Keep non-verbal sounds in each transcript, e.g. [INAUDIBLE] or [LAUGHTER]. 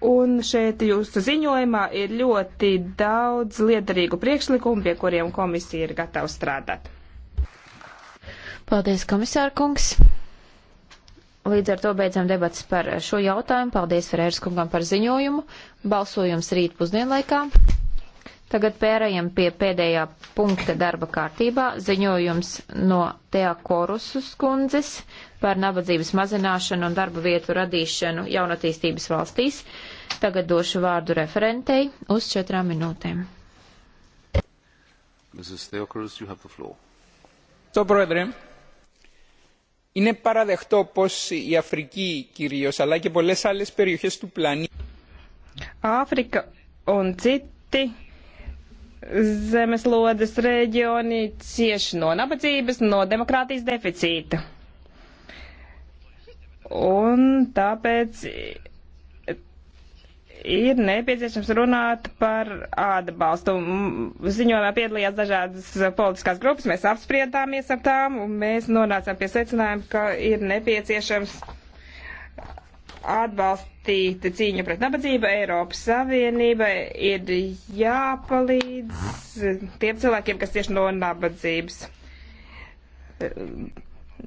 Un šeit jūsu ziņojumā ir ļoti daudz lietarīgu priekšlikumu, pie kuriem komisija ir gatava strādāt. Paldies, komisāra kungs! Līdz ar to beidzam debats par šo jautājumu. Paldies Ferēras kungam par ziņojumu. Balsojums rīt pusdienlaikā. Tagad pērējam pie pēdējā punkta darba kārtībā. Ziņojums no Tea Korusus kundzes par nabadzības mazināšanu un darba vietu radīšanu jaunatīstības valstīs. Tagad došu vārdu referentei uz četrām minūtēm. Mrs. Theocarus, you have the floor. Το Πρόεδρε, είναι παραδεχτό πως η Αφρική κυρίως, αλλά και πολλές άλλες περιοχές του πλανήτη. Āfrika un citi zemeslodes reģioni cieši no nabadzības, no demokrātijas deficīta. Un tāpēc ir nepieciešams runāt par atbalstu. Ziņojumā piedalījās dažādas politiskās grupas, mēs apspriedāmies ar tām, un mēs nonācām pie secinājuma, ka ir nepieciešams atbalstīt cīņu pret nabadzību. Eiropas Savienība ir jāpalīdz tiem cilvēkiem, kas tieši no nabadzības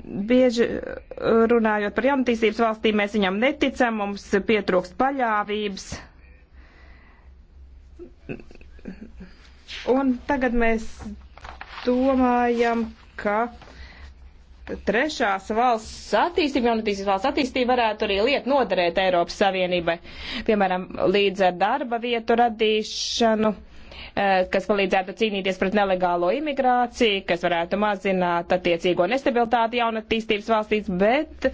bieži eh, runājot par jaunatīstības valstīm, mēs viņam neticam, mums pietrūkst paļāvības. Un tagad mēs domājam, ka trešās valsts attīstība, jaunatīstības valsts attīstība varētu arī liet noderēt Eiropas Savienībai, piemēram, līdz ar darba vietu radīšanu Eh, kas palīdzētu cīnīties pret nelegālo imigrāciju, kas varētu mazināt attiecīgo nestabilitāti jaunatīstības valstīs, bet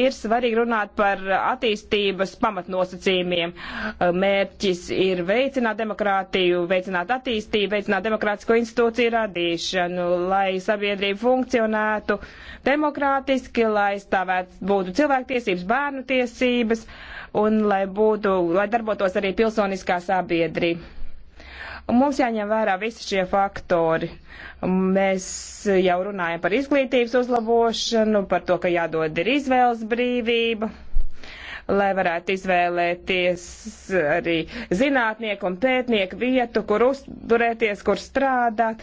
ir svarīgi runāt par attīstības pamatnosacījumiem. Eh, mērķis ir veicināt demokrātiju, veicināt attīstību, veicināt demokrātisko institūciju radīšanu, lai sabiedrība funkcionētu demokrātiski, lai stāvētu būtu cilvēktiesības, bērnu tiesības un lai būtu, lai darbotos arī pilsoniskā sabiedrība Mums jāņem vērā visi šie faktori. Mēs jau runājam par izglītības uzlabošanu, par to, ka jādod ir izvēles brīvība lai varētu izvēlēties arī zinātnieku un pētnieku vietu, kur uzturēties, kur strādāt.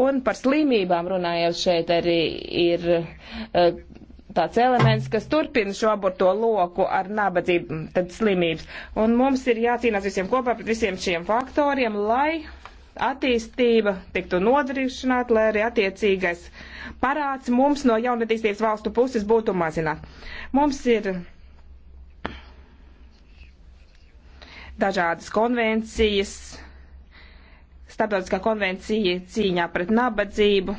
Un par slimībām runājot šeit arī ir eh, tāds elements, kas turpina šo aborto loku ar nabadzību, mm, tad slimības. Un mums ir jācīnās visiem kopā pret visiem šiem faktoriem, lai attīstība tiktu nodrošināta, lai arī attiecīgais parāds mums no jaunatīstības valstu puses būtu mazināt. Mums ir dažādas konvencijas, starptautiskā konvencija cīņā pret nabadzību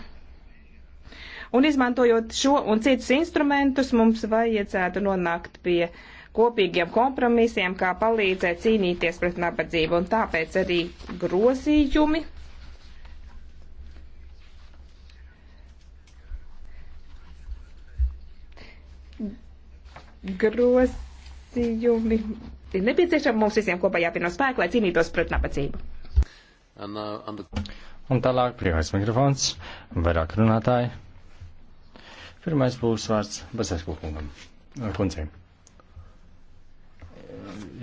Un izmantojot šo un citus instrumentus, mums vajadzētu nonākt pie kopīgiem kompromisiem, kā palīdzēt cīnīties pret nabadzību. Un tāpēc arī grozījumi. Grozījumi ir nepieciešami mums visiem kopā jāpieno spēku, lai cīnītos pret nabadzību. And, uh, and the... Un tālāk brīvais mikrofons, vairāk runātāji. Pirmais būs vārds Bazēskūkungam. Eh, kundzei.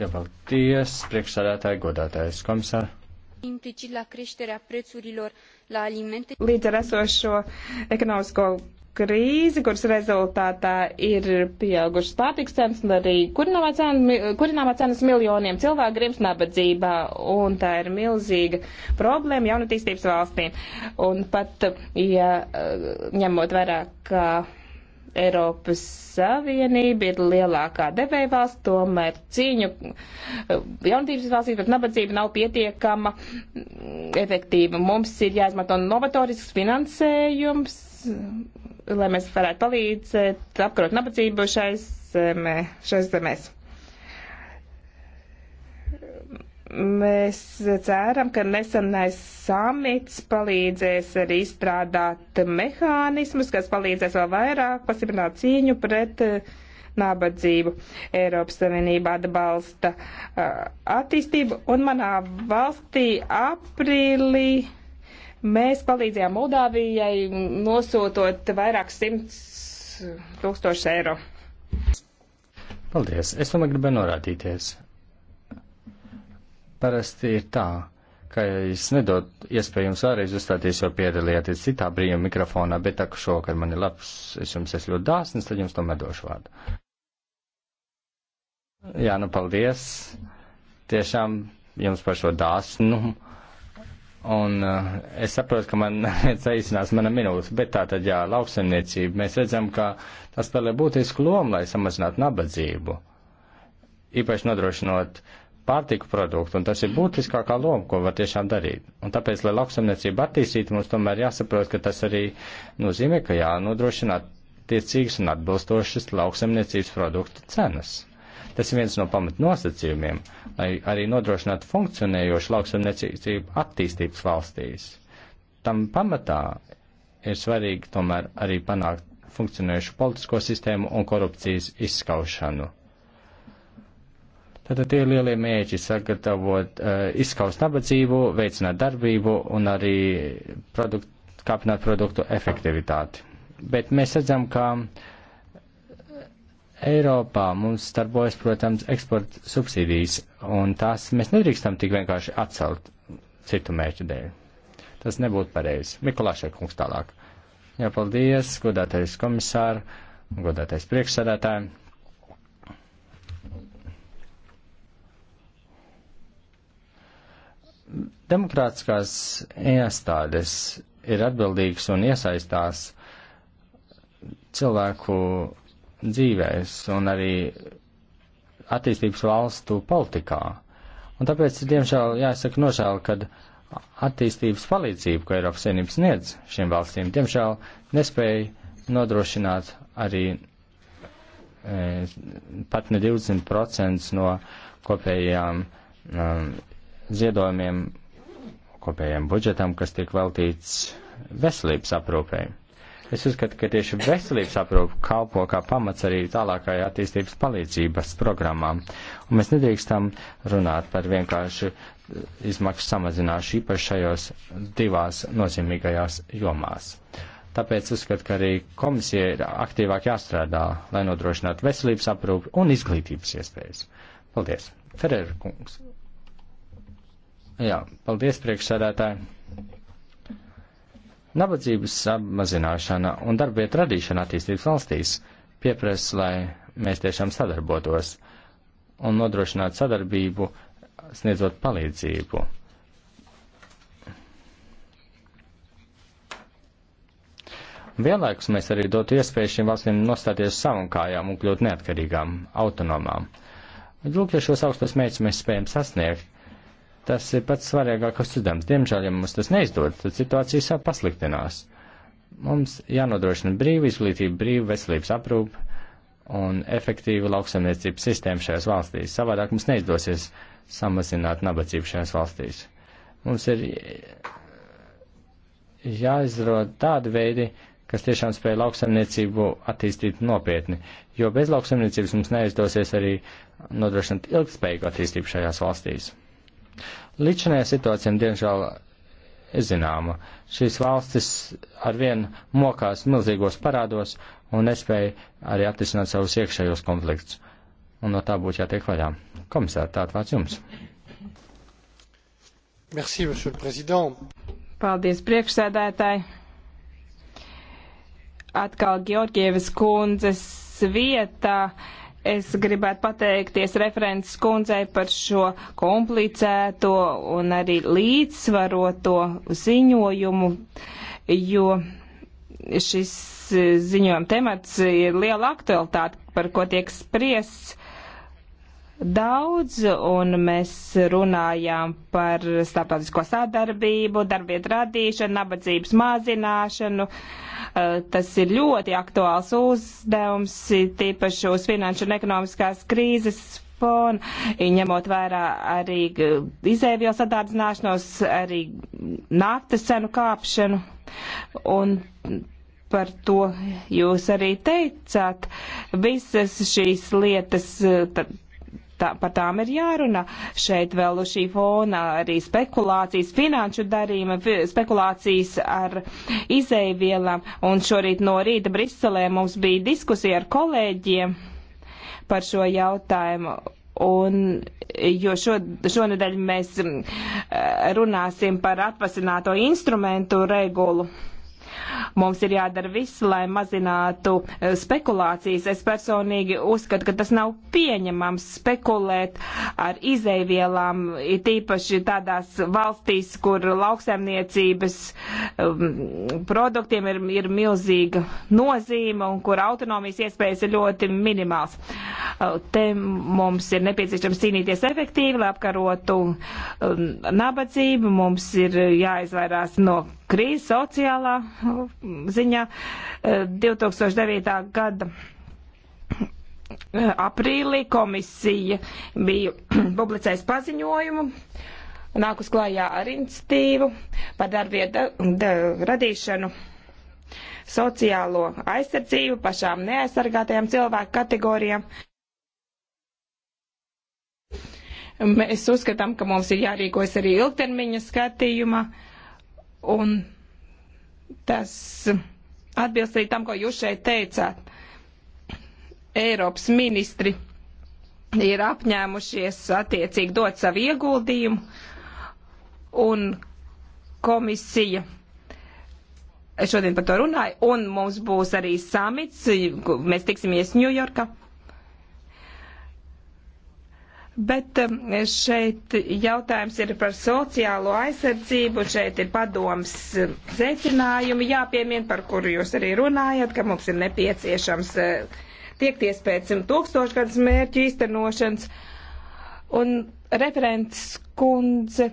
Jā, paldies, priekšsādātāji, godātājs komisārs implicit la creșterea prețurilor la alimente. Līdz ar esošo ekonomisko krīzi, kuras rezultātā ir pieaugušas pārtiks cenas un arī kurināmā cenas, kurināmā cenas miljoniem cilvēku grims nabadzībā, un tā ir milzīga problēma jaunatīstības valstīm. Un pat, ja ņemot vērā, ka Eiropas Savienība ir lielākā devēja valsts, tomēr cīņu jaunatības valstīs pret nabadzību nav pietiekama efektīva. Mums ir jāizmanto novatorisks finansējums lai mēs varētu palīdzēt apkarot nabadzību šais, zemē, šais zemēs. Mēs ceram, ka nesenais samits palīdzēs arī izstrādāt mehānismus, kas palīdzēs vēl vairāk pastiprināt cīņu pret uh, nabadzību. Eiropas Savienība atbalsta uh, attīstību, un manā valstī aprīlī Mēs palīdzējām Moldāvijai nosūtot vairāk simts tūkstoši eiro. Paldies. Es tomēr gribēju norādīties. Parasti ir tā, ka es nedodu iespēju jums vēlreiz uzstāties, jo piedalījāties citā brīvā mikrofonā, bet tā, ka šokar man ir labs, es jums esmu ļoti dāsns, tad jums tomēr došu vārdu. Jā, nu paldies. Tiešām jums par šo dāsnumu. Un uh, es saprotu, ka man saīsinās [LAUGHS] mana minūte, bet tā tad jā, lauksaimniecība. Mēs redzam, ka tas spēlē būtisku lomu, lai samazinātu nabadzību. Īpaši nodrošinot pārtiku produktu, un tas ir būtiskākā loma, ko var tiešām darīt. Un tāpēc, lai lauksaimniecība attīstītu, mums tomēr jāsaprot, ka tas arī nozīmē, ka jānodrošināt tiecīgas un atbilstošas lauksaimniecības produktu cenas. Tas ir viens no pamatnosacījumiem, lai arī nodrošinātu funkcionējošu lauksaimniecību attīstības valstīs. Tam pamatā ir svarīgi tomēr arī panākt funkcionējušu politisko sistēmu un korupcijas izskaušanu. Tātad tie ir lielie mēģi sagatavot, eh, izskaust nabadzību, veicināt darbību un arī produktu, kāpināt produktu efektivitāti. Bet mēs redzam, ka uh, Eiropā mums starbojas, protams, eksporta subsīdijas, un tās mēs nedrīkstam tik vienkārši atcelt citu mērķu dēļ. Tas nebūtu pareizi. Mikulāšai kungs tālāk. Jā, paldies, godātais komisāri, godātais priekšsēdētāji. Demokrātiskās iestādes ir atbildīgas un iesaistās cilvēku dzīvēs un arī attīstības valstu politikā. Un tāpēc, diemžēl, jāsaka nožēl, ka attīstības palīdzību, ko Eiropas Savienības sniedz šiem valstīm, diemžēl nespēja nodrošināt arī e, pat ne 20% no kopējām um, ziedojumiem, kopējiem budžetam, kas tiek veltīts veselības aprūpēji. Es uzskatu, ka tieši veselības aprūpe kalpo kā pamats arī tālākai attīstības palīdzības programmām. Un mēs nedrīkstam runāt par vienkārši eh, izmaksu samazināšanu īpaši šajos divās nozīmīgajās jomās. Tāpēc uzskatu, ka arī komisija ir aktīvāk jāstrādā, lai nodrošinātu veselības aprūpi un izglītības iespējas. Paldies! Ferēra kungs! Jā, paldies priekšsēdētāji! Nabadzības samazināšana un darbvietu radīšana attīstības valstīs pieprasa, lai mēs tiešām sadarbotos un nodrošinātu sadarbību, sniedzot palīdzību. Vienlaikus mēs arī dotu iespēju šīm valstīm nostāties savam kājām un kļūt neatkarīgām, autonomām. Lūk, ja šos augstos mērķus mēs spējam sasniegt, Tas ir pats svarīgākais students. Diemžēl, ja mums tas neizdod, tad situācija sāp pasliktinās. Mums jānodrošina brīva izglītība, brīva veselības aprūpa un efektīva lauksaimniecības sistēma šajās valstīs. Savādāk mums neizdosies samazināt nabadzību šajās valstīs. Mums ir jāizrod tādi veidi, kas tiešām spēj lauksaimniecību attīstīt nopietni, jo bez lauksaimniecības mums neizdosies arī nodrošināt ilgspējīgu attīstību šajās valstīs. Līdšanējā situācija, diemžēl, ir zināma. Šīs valstis arvien mokās milzīgos parādos un nespēja arī atrisināt savus iekšējos konfliktus. Un no tā būtu jātiek vaļā. Komisār, tāds vārds jums. Merci, monsieur le président. Paldies, priekšsēdētāji. Atkal Georgievas kundzes vietā. Uh, Es gribētu pateikties referents kundzei par šo komplicēto un arī līdzsvaroto ziņojumu, jo šis ziņojuma temats ir liela aktualitāte, par ko tiek spriests daudz, un mēs runājām par starptautisko sadarbību, darbvietu radīšanu, nabadzības mazināšanu. Eh, tas ir ļoti aktuāls uzdevums, tīpaši uz finanšu un ekonomiskās krīzes fona, ņemot vērā arī eh, izēvielas atdārdzināšanos, arī naftas cenu kāpšanu. Un par to jūs arī teicāt, visas šīs lietas. Eh, tad, tā, par tām ir jārunā. Šeit vēl šī fona arī spekulācijas, finanšu darījuma, spekulācijas ar izēvielām. Un šorīt no rīta Briselē mums bija diskusija ar kolēģiem par šo jautājumu. Un, jo šo, šonadēļ mēs mm, runāsim par atvasināto instrumentu regulu. Mums ir jādara viss, lai mazinātu eh, spekulācijas. Es personīgi uzskatu, ka tas nav pieņemams spekulēt ar izēvielām, tīpaši tādās valstīs, kur lauksaimniecības um, produktiem ir, ir milzīga nozīme un kur autonomijas iespējas ir ļoti minimāls. Uh, te mums ir nepieciešams cīnīties efektīvi, lai apkarotu um, nabadzību. Mums ir jāizvairās no krīze sociālā uh, ziņā 2009. Uh, gada uh, aprīlī komisija bija [CLEARS THROAT] publicējusi paziņojumu, nākus klājā ar iniciatīvu par darbvietu radīšanu sociālo aizsardzību pašām neaizsargātajām cilvēku kategorijām. Mēs uzskatām, ka mums ir jārīkojas arī ilgtermiņa skatījumā. Uh, Un tas atbilst arī tam, ko jūs šeit teicāt. Eiropas ministri ir apņēmušies attiecīgi dot savu ieguldījumu, un komisija šodien par to runāja, un mums būs arī samits, mēs tiksimies Ņujorkā. Bet um, šeit jautājums ir par sociālo aizsardzību, šeit ir padoms um, secinājumi jāpiemien, par kuru jūs arī runājat, ka mums ir nepieciešams uh, tiekties pēc um, tūkstošgadus mērķu īstenošanas. Un referents kundze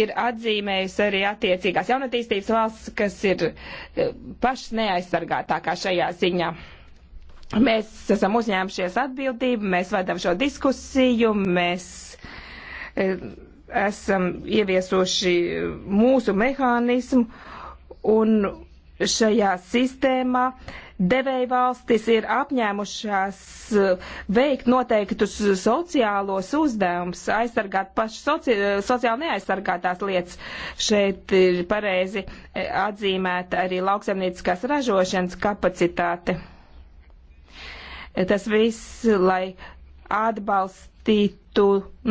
ir atzīmējusi arī attiecīgās jaunatīstības valsts, kas ir uh, pašas neaizsargātākā šajā ziņā. Mēs esam uzņēmušies atbildību, mēs vadām šo diskusiju, mēs e, esam ieviesuši mūsu mehānismu un šajā sistēmā devēja valstis ir apņēmušās veikt noteiktus sociālos uzdevumus, aizsargāt pašu soci sociāli neaizsargātās lietas. Šeit ir pareizi atzīmēta arī lauksaimnieciskās ražošanas kapacitāte. Tas viss, lai atbalstītu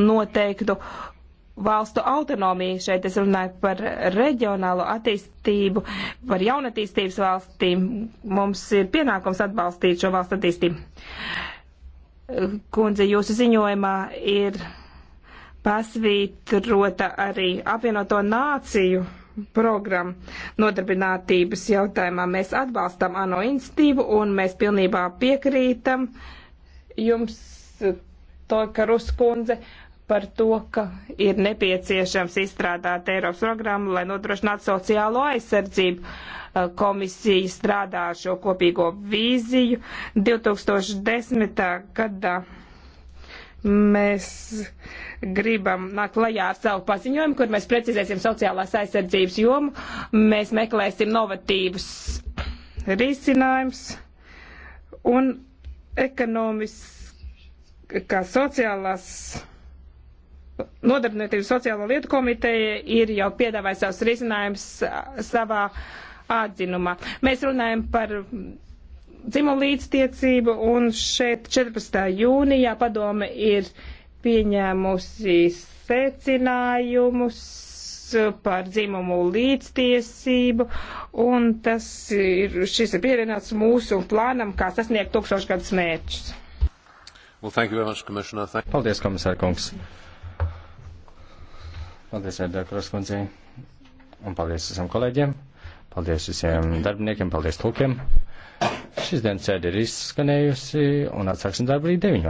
noteiktu valstu autonomiju. Šeit es runāju par reģionālo attīstību, par jaunatīstības valstīm. Mums ir pienākums atbalstīt šo valstu attīstību. Kundze, jūsu ziņojumā ir pasvītrota arī apvienoto nāciju programmu nodarbinātības jautājumā. Mēs atbalstam ANO institīvu un mēs pilnībā piekrītam jums, Toika Ruskundze, par to, ka ir nepieciešams izstrādāt Eiropas programmu, lai nodrošinātu sociālo aizsardzību. Komisija strādā šo kopīgo vīziju 2010. gadā. Mēs gribam nākt klajā ar savu paziņojumu, kur mēs precizēsim sociālās aizsardzības jomu. Mēs meklēsim novatības risinājums un ekonomiskā sociālās. Nodarbinātības sociālo lietu komiteja ir jau piedāvājusi savus risinājumus savā atzinumā. Mēs runājam par dzimumu līdztiecību, un šeit 14. jūnijā padome ir uh, pieņēmusi secinājumus par dzimumu līdztiesību, un tas ir, šis ir pierināts mūsu plānam, kā sasniegt tūkstošgadus mērķus. Well, thank you very much, Commissioner. Thank Paldies, komisār kungs. Paldies, Vēdēkros kundzei. Un paldies visiem kolēģiem. Paldies visiem darbiniekiem, paldies tulkiem. Šis dienas sēde ir izskanējusi un atsāksim darbu rīt 9.